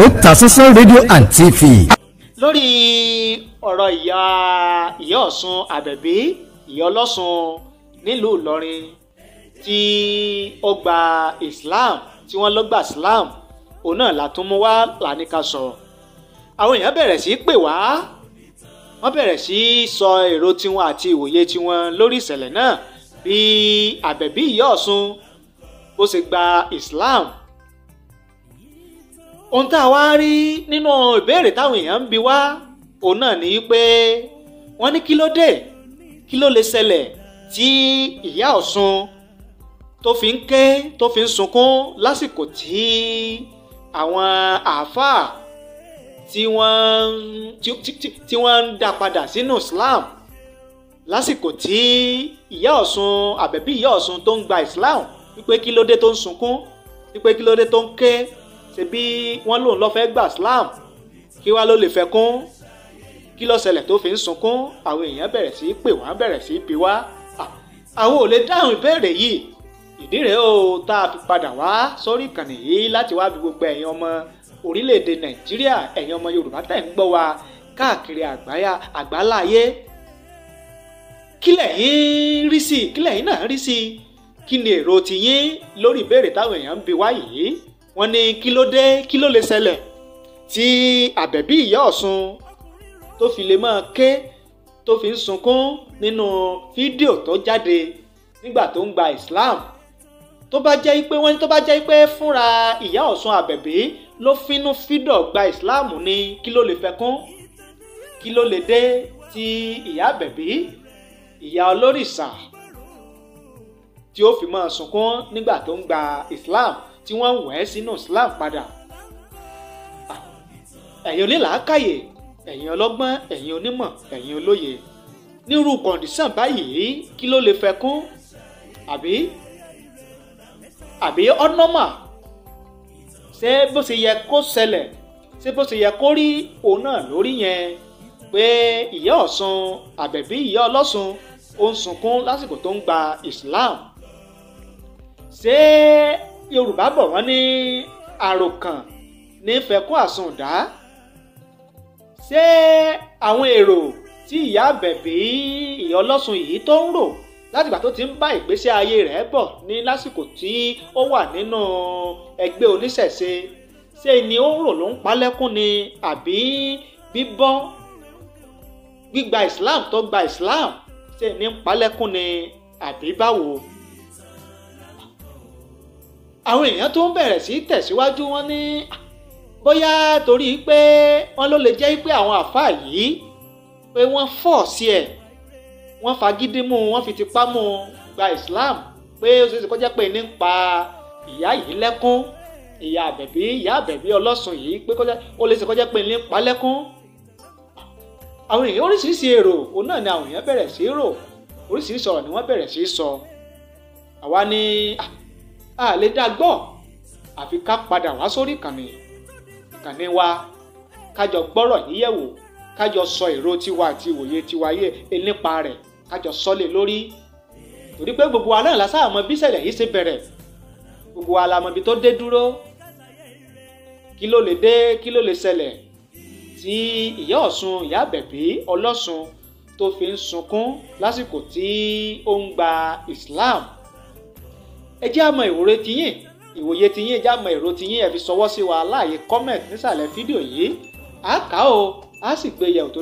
Otasansan rédíò and TV. lórí ọ̀rọ̀ ìyá ìyá Ọ̀ṣun Àbẹ̀bí ìyá ọlọ́sùn nílùú Ìlọrin tí ó gba Islam tí wọ́n lọ gba Islam òun náà látún mú wá làníkà sọ̀rọ̀ àwọn èèyàn bẹ̀rẹ̀ sí í pè wá wọ́n bẹ̀rẹ̀ sí í sọ èrò tiwọn àti ìwòye tiwọn lórí ìṣẹ̀lẹ̀ náà bí Àbẹ̀bí ìyá Ọ̀ṣun ó sì gba Islam ohun tá a wá rí nínú ìbéèrè táwọn èèyàn ń bi wá òun náà ni pé wọ́n ní kí ló dé kí ló lè ṣẹlẹ̀ tí ìyá Ọ̀ṣun tó fi ń ké tó fi ń sunkún lásìkò tí àwọn àáfàá tí wọ́n ń dá padà sínú Islam lásìkò tí ìyá Ọ̀ṣun àbẹ̀bí ìyá Ọ̀ṣun tó ń gba Islam wípé kí ló dé tó ń sunkún wípé kí ló dé tó ń ké ṣe bí wọ́n lòun lọ fẹ́ gbà Islam kí wá ló lè fẹ́ kún kí ló ṣẹlẹ̀ tó fi ń sunkún àwọn èèyàn bẹ̀rẹ̀ sí í pè wá bẹ̀rẹ̀ sí í bi wá àwọn ò lè dáhùn ìbéèrè yìí ìdí rèé o tá a fi padà wá sórí ìkànnì yìí láti wá bí gbogbo ẹ̀yin ọmọ orílẹ̀-èdè Nàìjíríà ẹ̀yin ọmọ Yorùbá tẹ̀ ń gbọ́ wa káàkiri àgbáyà àgbáláyé kílẹ̀ yín rí sí kílẹ̀ yín náà rí sí kí ni èrò tiyín lórí ìbéèrè táwọn èèyàn ń bi wá yìí wọ́n ní kí ló dé kí ló lè ṣẹlẹ̀ tí àbẹ̀bí ìyá ọ̀ṣun tó fi lè máa ké tó fi ń sunkún nínú fídíò tó jáde nígbà tó ń gba Islam tó bá jẹ́ pé wọ́n ní tó bá jẹ́ pé fúnra ìyá ọ̀ṣun àbẹ̀bí ló fínú fídọ̀ gba Islam ní kí ló lè fẹkún kí ló lè dé tí ìyá àbẹ̀bí ìyá olórìṣà tí ó fi máa sunkún nígbà tó ń gba Islam tí wọ́n wẹ̀ ẹ́ sínú Islam padà. ẹ̀yin onílàákàyè ẹ̀yin ọlọ́gbọ́n ẹ̀yin onímọ̀ ẹ̀yin olóye nírú kọ̀ǹdíṣàn báyìí kí ló lè fẹ́ kún àbí àbí ọ́nọ́mà ṣé bó ṣe yẹ kó ṣẹlẹ̀ ṣé bó ṣe yẹ kó rí òun náà lórí yẹn pé ìyá ọ̀ṣun àbẹ̀bí ìyá ọlọ́ṣun ó ń sunkún lásìkò tó ń gba Islam ṣé yorùbá bọ̀ wọ́n ní àròkàn ní fẹ̀kún àsundá ṣé àwọn èrò tí ìyá àbẹ̀bí ìyá ọlọ́sùn yìí tó ń rò látìgbà tó ti ń bá ìgbésí ayé rẹ̀ bọ̀ ní lásìkò tí ó wà nínú ẹgbẹ́ oníṣẹ̀ṣe ṣé ni ó ń rò ló ń palẹ́kún ni àbí bíbọ́ gbígba Islam tó gba Islam ṣé ni ń palẹ́kún ni àbí báwo àwọn èèyàn tó ń bẹ̀rẹ̀ sí tẹ̀síwájú wọn ní bóyá torí pé wọ́n ló lè jẹ́ pé àwọn àfáà yìí pé wọ́n fọ̀ sí ẹ̀ wọ́n fagídí mú wọ́n fi tipá mú gba Islam pé ó ṣeéṣe kó jẹ́ pé ní ń pa ìyá yìí lẹ́kún ìyá àbẹ̀bí ìyá àbẹ̀bí ọlọ́sùn yìí pé ó lè ṣe kó jẹ́ pé ní ń pa lẹ́kún àwọn èèyàn oríṣiríṣi èrò òun náà ni àwọn èèyàn bẹ̀rẹ̀ sí rò oríṣiríṣi ọ̀rọ̀ ni wọ́n bẹ̀rẹ̀ sí sọ àwa ni ah a lè dá gbọ́ àfi ká padà wá sórí ìkànnì ìkànnì wa kájọ gbọ́rọ̀ yíyẹ̀wò kájọ sọ èrò tiwa àti ìwòye tiwa yé nípa rẹ̀ kájọ sọlé lórí torí pé gbogbo wa náà la sáà mọ bí ìṣẹ̀lẹ̀ yìí ṣe bẹ̀rẹ̀ gbogbo wa la ibi tó dé dúró kí ló lè dé kí ló lè ṣẹlẹ̀ tí ìyá ọ̀ṣun ìyá àbẹ̀bí ọlọ́ṣun tó fi ń sunkún lásìkò tí ó ń gba Islam ẹ jẹ́ àmọ̀ ìwòrè tiyín ìwòye tiyín ẹ jẹ́ àmọ̀ èrò tiyín ẹ fi ṣọwọ́ sí wa láàyè comment nísàlẹ̀ fídíò yìí àá a sì gbé yẹ̀wò tó